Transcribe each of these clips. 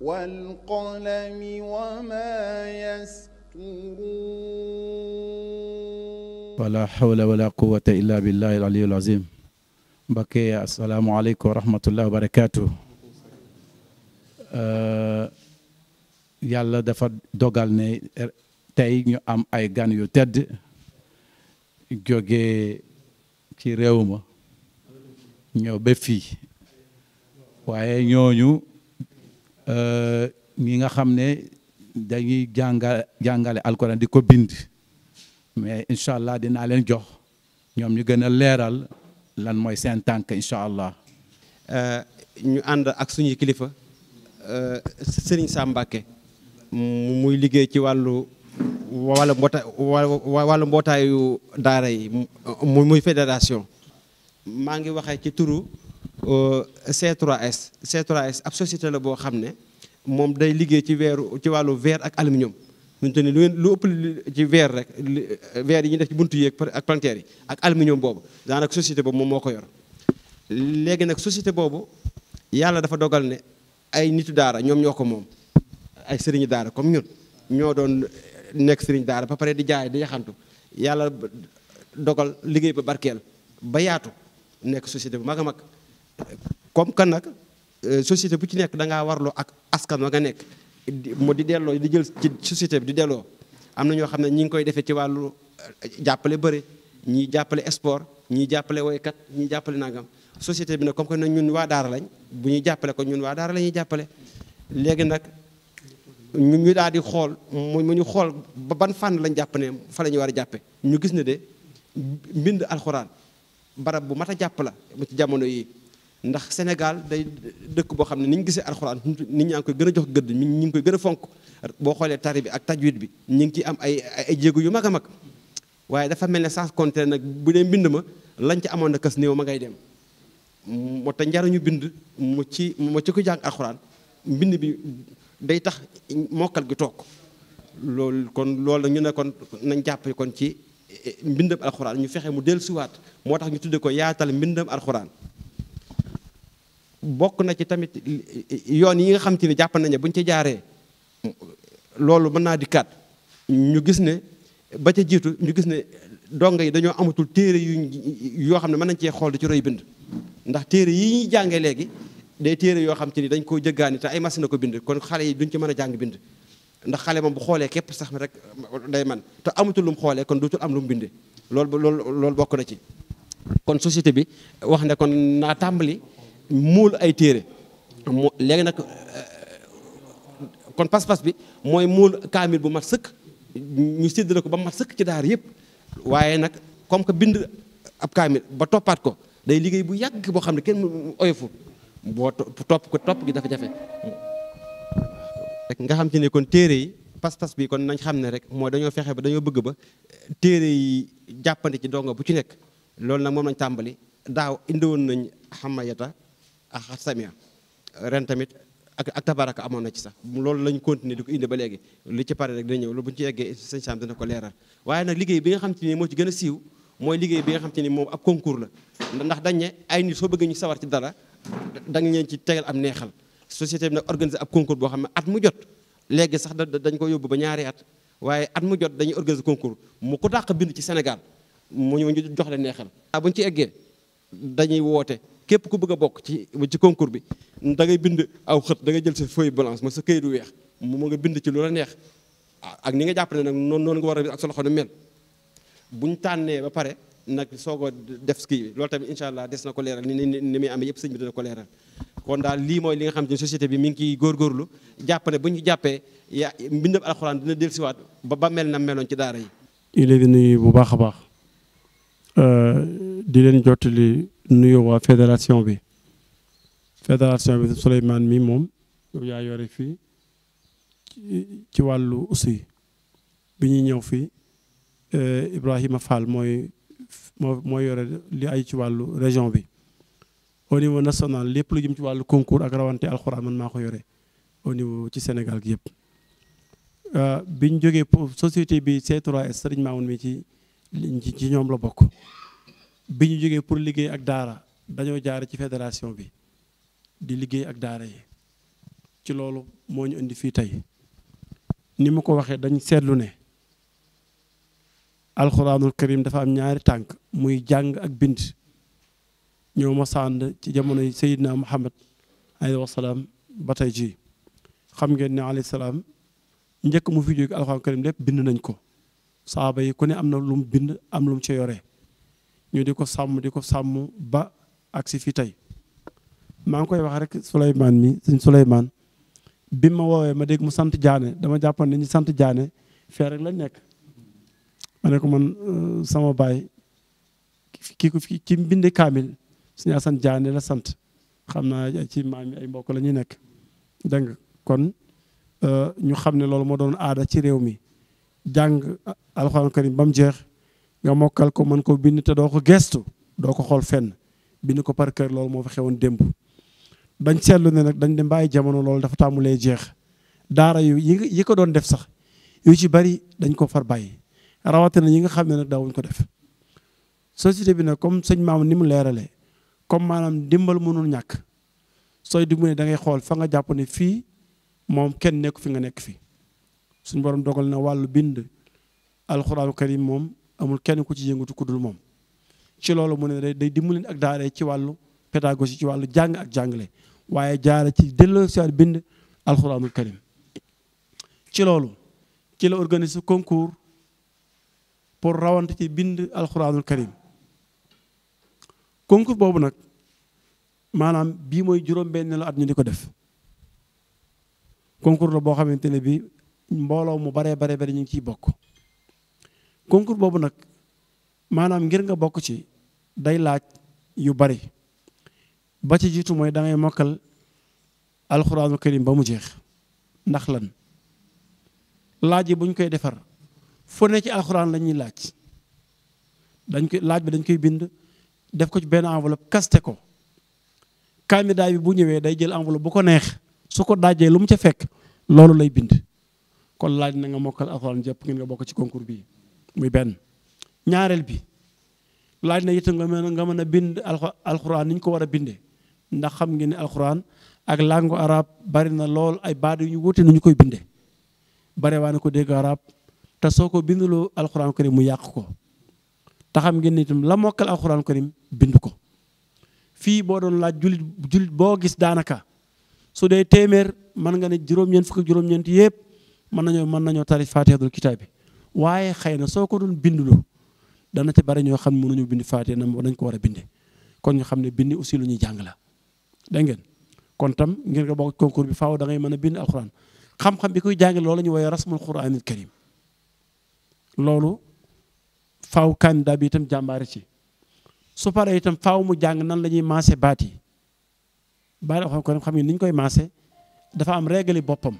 والقلم وما يسطرون ولا حول ولا قوة إلا بالله العلي العظيم بكي السلام عليكم ورحمة الله وبركاته yàlla dafa dogal ne tey ñu am ay gan yu tedd jóge ci réew ma ñëw ba fii waaye ñooñu euh, ñi nga xam ne dañuy jànga jàngale alxuraan di ko bind mais incha allah dinaa leen jox ñoom ñu gën a leeral lan mooy seen tànk incha allah. Euh, ñu ànd ak suñuy kilifa euh, Serigne Sam Mbacké muy liggéey ci wàllu wàllu mbootaay wàllu mbootaayu daara yi muy fédération. maa ngi waxee ci turu C3S euh, c ab société la boo xam ne moom day liggéey ci weeru ci wàllu weer ak aluminium ñu te lu lu ëpp ci weer rek weer euh, yi ñu def ci buntu yi ak palanteer yi ak aluminium boobu daanak société boobu moom moo ko yor léegi nag société boobu yàlla dafa dogal ne ay nitu daara ñoom ñoo ko moom ay sëriñu daara comme ñun ñoo doon euh, nekk sëriñ daara ba pare di jaay di yaxantu yàlla dogal liggéey ba barkeel ba yaatu nekk société bu mag a mag comme que nag euh, société bu ci nekk da ngaa warloo ak askan wa nga nekk mu di delloo di jël ci société bi di delloo am na ñoo xam ne ñi ngi koy defee ci wàllu euh, jàppale bëri ñii jàppale sport ñii jàppale woykat ñii jàppale nangam société bi nag comme que nag ñun waa daara lañ bu ñuy jàppale ko ñun waa daara la ñuy jàppale léegi nag ñu ñu daal di xool mu ñu xool ba ban fànn lañ jàpp ne fa la ñu war a jàppe ñu gis ne de mbind alxuraan barab bu mat a jàpp la ci jamono yii ndax Sénégal day dëkk boo xam ne niñ gisee alxuraan nit ñaa ngi koy gën a jox gëdd ñu ngi koy gën a fonk boo xoolee tari bi ak tajwid bi ñu ngi ciy am ay ay jéego yu mag a mag waaye dafa mel ne sans compter nag bu dee mbind ma lañ ci amoon na kas néew ma ngay dem moo tax njariñu bind mu ci mu ci ko jàng alxuraan mbind bi day tax mokkal gi toog loolu kon loolu ñu ne kon nañ jàpp kon ci mbindam alxuraan ñu fexe mu dellusiwaat moo tax ñu tudde ko yaatal mbindam alxuraan bokk na ci tamit yoon yi nga xam ci ne jàpp nañu buñ ci jaaree loolu mën naa di ñu gis ne ba ca jiitu ñu gis ne donga yi dañoo amatul téere yu yoo xam ne mën nañ cee xool di ci roy bind ndax téere yi ñuy jàngee léegi day téere yoo xam te ni dañ koo jëggaani te ay machine ko bind kon xale yi duñ ci mën a jàng bind ndax xale moom bu xoolee képp sax mi rek day man te amatul lu mu xoolee kon dootul am lu mu bindee loolu loolu loolu bokk na ci kon société bi wax ne kon naa tàmbali muul ay téere mu léegi nag euh, kon pas-pas bi mooy mool kaamil bu mat sëkk ñu séddale ko ba mat sëkk ci daar yëpp waaye nag comme que bind ab kaamil ba toppaat ko day liggéey bu yàgg boo xam ne kenn oyofu boo topp ko topp gi dafa jafe rek nga xam ci ne kon téere yi pas-pas bi kon nañ xam ne rek mooy dañoo fexe ba dañoo bëgg ba téere yi jàppandi ci dongo bu ci nekk loolu nag moom lañ tàmbali daaw indiwoon nañ xamayata ak xasamia ren tamit ak ak tabaraka amoon na ci sax loolu lañ continuer di ko indi ba léegi lu ci pare rek dina ñëw lu bu ñu ci eggee sëñ Sam dina ko leeral waaye nag liggéey bi nga xam te ni moo ci gën a siiw mooy liggéey bi nga xam te ni moom ab concours la ndax dañ ne ay nit soo bëggee ñu sawar ci dara dañ leen ci tegal am neexal société bi nag organiser ab concours boo xam ne at mu jot léegi sax dañ ko yóbbu ba ñaari at waaye at mu jot dañuy organiser concours mu ku dàq bind ci Sénégal mu ñu jox leen neexal. ah bu ñu ci eggee dañuy woote képp ku bëgg a bokk ci ci concours bi da ngay bind aw xët da ngay jël sa feuille blanche ma sa këyit du weex mu nga bind ci lu la neex ak ni nga jàpp ne nag noonu noonu nga war a ak sa loxo nu mel bu ñu tànnee ba pare nag soog a def ski bi loolu tamit incha allah des na ko leeral ni ni ni amee yëpp sëñ bi dina ko leeral. kon daal lii mooy li nga xam ne société bi mu ngi ciy góorgóorlu jàpp ne bu ñu jàppee ya mbindam alxuraan dina dellusiwaat ba ba mel na meloon ci daara yi. ñu leen di nuyu bu baax a baax euh, di leen jottali nuyu waa fédération bi fédération bi Souleymane mi moom yaa yore fii ci wàllu aussi bi ñuy ñëw fii euh, Ibrahima Fall mooy moo yore li ay ci wàllu région bi. au niveau national lépp lu jëm ci wàllu concours ak rawante alxuraan man maa ko yore au niveau ci Sénégal gi yëpp. Euh, bi ñu jógee société bi C3S sëriñ Mamoun mi ci ci ñoom la bokk bi ñu jógee pour liggéey ak daara dañoo jaar ci fédération bi di liggéey ak daara yi ci loolu moo ñu indi fii tey ni mu ko waxee dañ seetlu ne alxuraanul karim dafa am ñaari tànk muy jàng ak bind ñëw ma sànd ci jamonoy Seydina Muhammad alayhi wasalaam ba tey jii xam ngeen ne alayhi salaam njëkk mu fi jóge alxuraan karim lépp bind nañ ko saaba yi ku ne am na lu bind am lum mu ci yore ñu di ko sàmm di ko sàmm ba ak si fi tey maa ngi koy wax rek Souleymane mi sëñ Souleymane bi ma woowee ma dégg mu sant jaane dama jàppoon ne ñu sant jaane fee rek lañ nekk ma ne ko man euh, sama baay ki ko ki mbind kaamil suñu Asan Jaane la sant xam naa ci maam mi ay mbokk lañuy nekk dégg nga kon euh, ñu xam ne loolu moo doon aada ci réew mi jàng alxuraan karim ba mu jeex nga mokkal ko mën ko bind te doo ko gestu doo ko xool fenn bind ko par cœur loolu moo fi xewoon démb dañ seetlu ne nag dañ dem bàyyi jamono loolu dafa tàmmulee jeex daara yu yi yi ko doon def sax yu ci bari dañ ko far bàyyi rawatina yi nga xam ne nag daawuñ ko def société bi nag comme sëñ maam ni mu leeralee comme maanaam dimbal mënul ñàkk sooy dimbali da ngay xool fa nga jàpp ne fii moom kenn nekk fi nga nekk fi suñ borom dogal na wàllu bind alxuraanu karim moom amul kenn ku ci yëngatu ku dul moom ci loolu mu ne day dimbalin ak daara ci wàllu pédagogie ci wàllu jàng ak jàngale waaye jaare ci delloosiwaat bind alxuraanul karim ci loolu ci la organiser concours pour rawante ci bind alxuraanul karim concours boobu nag maanaam bii mooy juróom-benn la at ñu di ko def concours la boo xamante ne bii mbooloo mu baree bare bare ñu ngi ciy bokk. concours boobu nag maanaam ngir nga bokk ci day laaj yu bari ba ci jiitu mooy da mokkal alxuraanu karim ba mu jeex ndax lan laaj yi bu ñu koy defar fone ci alxuraan lañuy ñuy laaj dañ koy laaj bi dañ koy bind. def ko ci benn enveloppe kaste ko candidat bi bu ñëwee day jël enveloppe bu ko neex su ko daajee lu mu ca fekk loolu lay bind kon laaj na nga mokkal alxuraan jëpp ngeen nga bokk ci concours bi muy benn ñaareel bi laaj na itam nga mën nga mën a bind alxuraan ni ko war a bindee ndax xam ngeen ne alxuraan ak langue arabe bari na lool ay baat yu ñu wute nu ñu koy bindee bare waa ne ko dégg arab te soo ko binduloo alxuraan ko mu yàq ko te xam ngeen ne itam la mokkal alxuraan karim bind ko fii boo doon laa julit julit boo gis daanaka su dee téeméer mën nga ne juróom-ñeent fukk juróom-ñeent yëpp mën nañoo mën nañoo tari faatihatul kitaab bi waaye xëy na soo ko doon binduloo dana ci bari ñoo xam ne mënuñu bind na nam dañ ko war a binde kon ñu xam ne bind aussi lu ñuy jàng la dégg ngeen kon tam ngeen ko bokk concours bi faaw da ngay mën a bind alxuraan xam-xam bi koy jàngale la ñu woowee rasmul quraanil karim loolu faaw candidat bi itam jàmbaare ci su paree itam faaw mu jàng nan la ñuy maase baat yi baat yoo xam ko xam ne ni koy maase dafa am règle boppam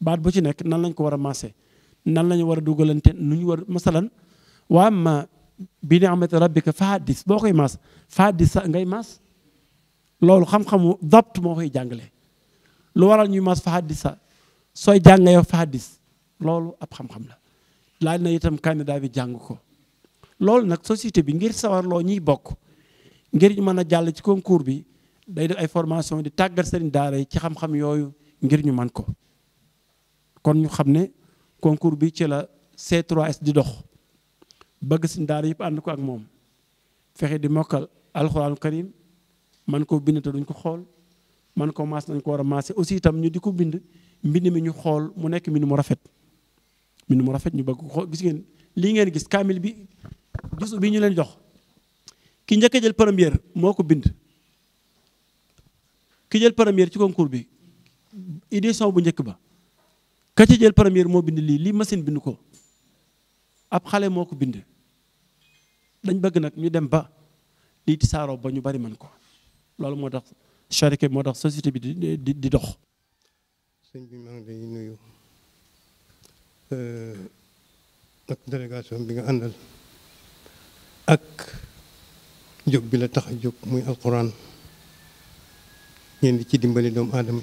baat bu ci nekk nan lañ ko war a maase nan lañuy war a dugalante nu ñu war masalan waa ma bi ni'mati rabbika fa haddis boo koy maas fa haddis ngay maas loolu xam-xamu dabt moo koy jàngale lu waral ñuy maas fa haddis sa sooy jàngayoo fa haddis loolu ab xam-xam la laaj na itam candidat bi jàng ko loolu nag société bi ngir sawarloo ñiy bokk ngir ñu mën a jàll ci concours bi day def ay formation di tàggat seen daara yi ci xam-xam yooyu ngir ñu man ko kon ñu xam ne concours bi ci la c 3 di dox bëgg seen daara yëpp ànd ko ak moom fexe di mokkal alxuraanu karim man koo bind te duñ ko xool man ko maas nañ ko war a maase aussi itam ñu di ko bind mbind mi ñu xool mu nekk mbind mu rafet mbind mu rafet ñu bëgg ko gis ngeen lii ngeen gis kaamil bi jusu bi ñu leen dox ki njëkk a jël première moo ko bind ki jël première ci concours bi édition bu njëkk ba ka jël première moo bind lii lii machine bind ko ab xale moo ko bind dañ bëgg nag ñu dem ba lii tisaaroo ba ñu bari man ko loolu moo tax charité moo tax société bi di di dox Euh, ak délégation bi nga àndal ak jóg bi la tax a jóg muy alquran ngeen di ci dimbali doomu aadama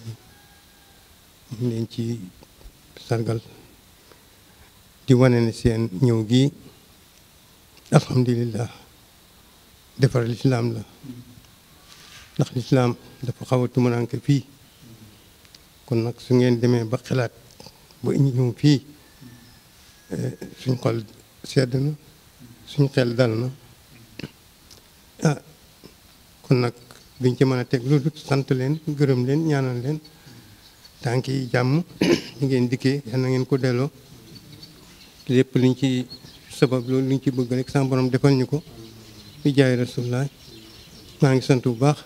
yi ñu ci sargal di wane ne seen ñëw gi alhamdulillah defar lislaam la ndax lislaam dafa xaw a tumaranke fii kon nag su ngeen demee ba xalaat ba ñu ñëw fii suñ xol sedd suñ xel dal na ah kon nag duñ ci mën a teg lu dul sant leen gërëm leen ñaanal leen tànk yi jàmm ñu ngeen dikkee yal na ngeen ko delloo lépp liñ ci sabab loolu liñ ci bëgg rek sama borom defal ñu ko di jaay rasulullah maa ngi sant bu baax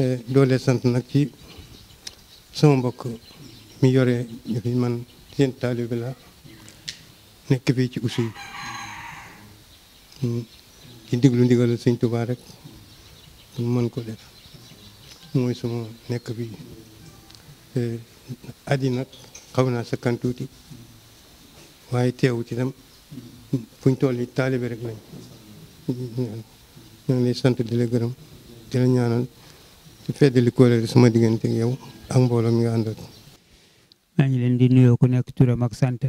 eh, doole sant nag ci sama mbokk mi yore ñu fi man seen taalibe la nekk fii ci usuy mm. di diglu ndigal sëñ Tuubaa rek mu mën ko def mooy suma nekk fii addi nag xaw naa sa kan tuuti waaye teewu ci tam fuñ toll yi taalibe rek lañ ñoo ngi lay sant di la gërëm di la ñaanal di feddali kóolare suma diggante ak yow ak mbooloo mi nga àndal maa ngi di nuyoo ku nekk turam ak sant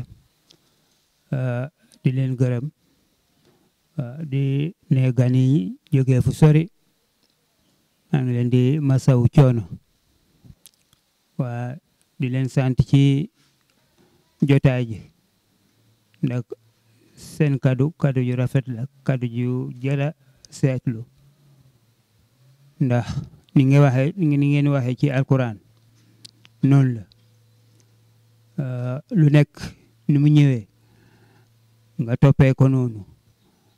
Euh, di leen gërëm euh, di ne gan yi fu sori maa ngi leen di masawu coono waa di leen sant ci jotaay ji ndax seen kàddu kàddu ju rafet la kàddu ju jara seetlu ndax ni ngeen waxee ni ngeen waxee ci alquran noonu la euh, lu nekk ni mu ñëwee nga toppee ko noonu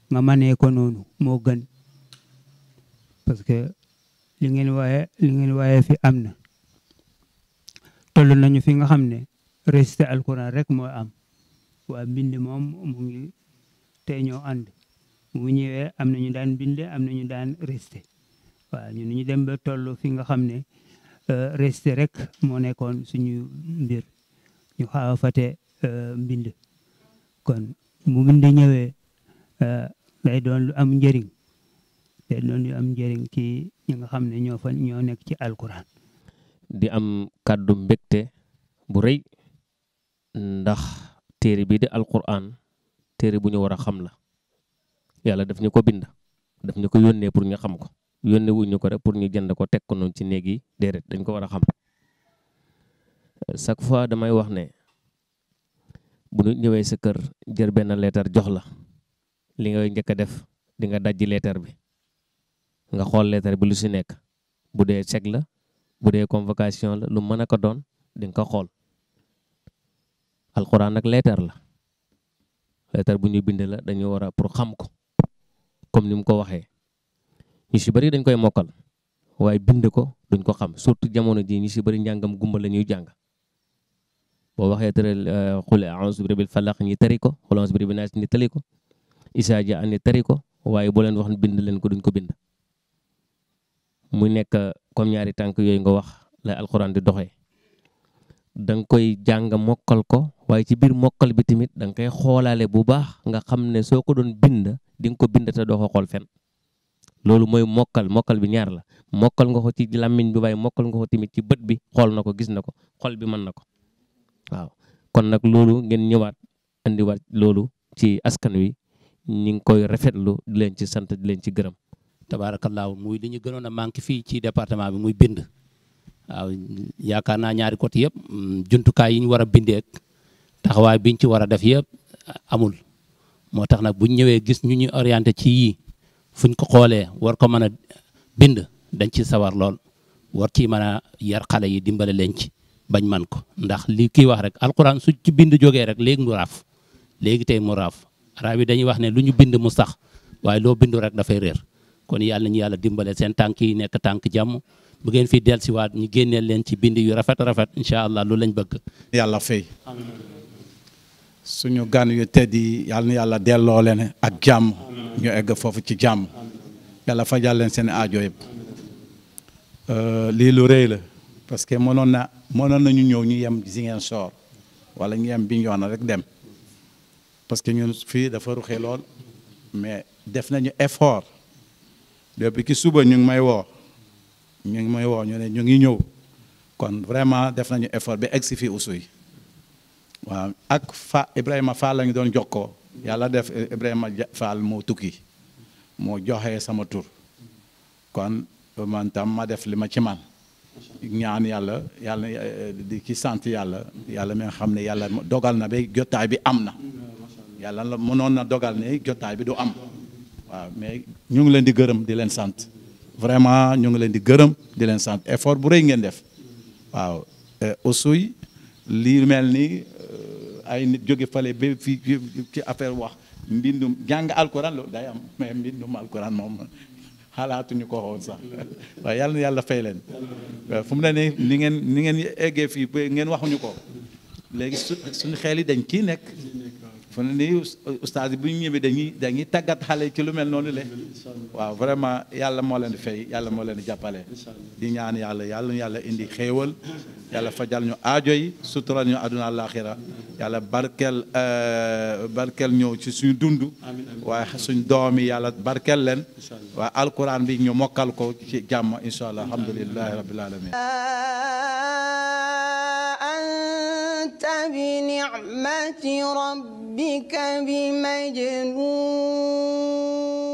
nga manee ko noonu moo gën parce que li ngeen waaye li ngeen waaye fi am na toll nañu fi nga xam ne resté alquran rek moo am waa mbind moom mu ngi tey ñoo ànd mu ñëwee am na ñu daan bind am na ñu daan resté waaw nu ñu dem ba toll fi nga xam ne euh, resté rek moo nekkoon suñu mbir ñu xaaw euh, mbind kon bu bind ñëwee eh, day lu am njëriñ day doon lu am njëriñ ci ñi nga xam ne ñoo fa ñoo nekk ci alquran di am kàddu mbégte bu rëy ndax téere bii di alquran téere bu ñu war a xam la yàlla daf ñu ko bind daf ñu ko yónnee pour ñu xam ko yónnee wuñ ñu ko rek pour ñu jënd ko teg ko noonu ci néeg yi déedéet dañ ko war a xam chaque fois damay wax ne bu ñu ñëwee sa kër jël benn leetar jox la li nga njëkk a def di nga dajji leetar bi nga xool leetar bi lu si nekk bu dee seg la bu dee convocation la lu mën a ko doon di ko xool alxuraan nag leetar la leetar bu ñuy bind la dañu war a pour xam ko comme ni mu ko waxee ñu si bëri dañ koy mokkal waaye bind ko duñ ko xam surtout jamono ji ñu si bëri njàngam gumba la ñuy jàng boo waxee tëral xul a'uuzu bi rabbil falaq ñi tari ko xul a'uuzu bi rabbin tari ko isaa ja ani ko waaye boo leen wax bind leen ko duñ ko bind mu nekk comme ñaari tànk yooyu nga wax la alxuraan di doxee danga koy jàng mokkal ko waaye ci biir mokkal bi tamit danga koy xoolaale bu baax nga xam ne soo ko doon bind di nga ko bind te doo ko xool fen loolu mooy mokkal mokkal bi ñaar la mokkal nga ko ci làmmiñ bi waaye mokkal nga ko tamit ci bët bi xool na ko gis na ko xol bi mën na ko waaw kon nag loolu ngeen ñëwaat andiwaat loolu ci askan wi ñi ngi koy rafetlu di leen ci sant di leen ci gërëm. tabaarakallaahu muy li ñu gënoon a manqué fii ci département bi muy bind. waaw yaakaar naa ñaari côté yëpp mm, jumtukaay yi ñu war a bindee taxawaay biñ ci war a def yëpp amul moo tax nag buñ ñëwee gis ñu ñu orienté ci yii fuñ ko xoolee war ko mën a bind dañ ci sawar lool war ci mën a yar yi dimbale leen ci bañ man ko ndax li kii wax rek alxuraan su ci bind jogee rek léegi mu raaf léegi tey mu raaf arab yi dañuy wax ne lu ñu bind mu sax waaye loo bindu rek dafay réer kon yàlla nañu yàlla dimbale seen tànk yi nekk tànk jàmm bu ngeen fi dellusiwaat ñu génneel leen ci bind yu rafet rafet incha allah lu lañ bëgg. yàlla fay. suñu gan yu tedd yi yàlla na yàlla delloo leen ak jàmm. ñu egg foofu ci jàmm. yàlla fajal leen seen aajo yëpp. Euh, lii lu rëy la. parce que mënoon na mënoon nañu ñëw ñu yem Ziguinchor wala ñu yem Bignona rek dem parce que ñun fii dafa ruxee lool mais def nañu effort depuis ki suba ñu ngi may woo ñu ngi may woo ñu ne ñu ngi ñëw kon vraiment def nañu effort bi egg si fii usuy waaw ak fa Ibrahima Fall la ñu doon jokkoo yàlla def Ibrahima Fall moo tukki moo joxe sama tur kon man ma def li ma ci man ñaan yàlla yàlla di ki sant yàlla yàlla mi xam ne yàlla dogal na ba jotaay bi am na yàlla la mënoon na dogal ne jotaay bi du am waaw mais ñu ngi leen di gërëm di leen sant vraiment ñu ngi leen di gërëm di leen sant effort bu rëy ngeen def waaw aussi eh, lii mel ni eh, ay nit jóge fale ba fii affaire wax mbindum jàng alquran loolu day am mais mbindum alquran moom xalaatuñu ko woon sax waaw yàlla na yàlla fay leen fu mu ne ni ni ngeen ni ngeen eggee fii ba ngeen waxuñu ko léegi su suñu xel yi dañ kii nekk fu ne nii ustaas yi bu ñu ñëwee dañuy dañuy tàggat xale ci lu mel noonu le waaw vraiment yàlla moo leen di fay yàlla moo leen di jàppale di ñaan yàlla yàlla yàlla indi xéewal yàlla fajal ñu aajo yi sutural ñu àdduna àllaaxira yàlla barkeel euh, barkeel ñëw ci suñu dund waaye suñ doom yi yàlla barkeel leen waaye alquran bi ñu mokkal ko ci jàmm insha allah alhamdulilahi rabbil ربك بمجنون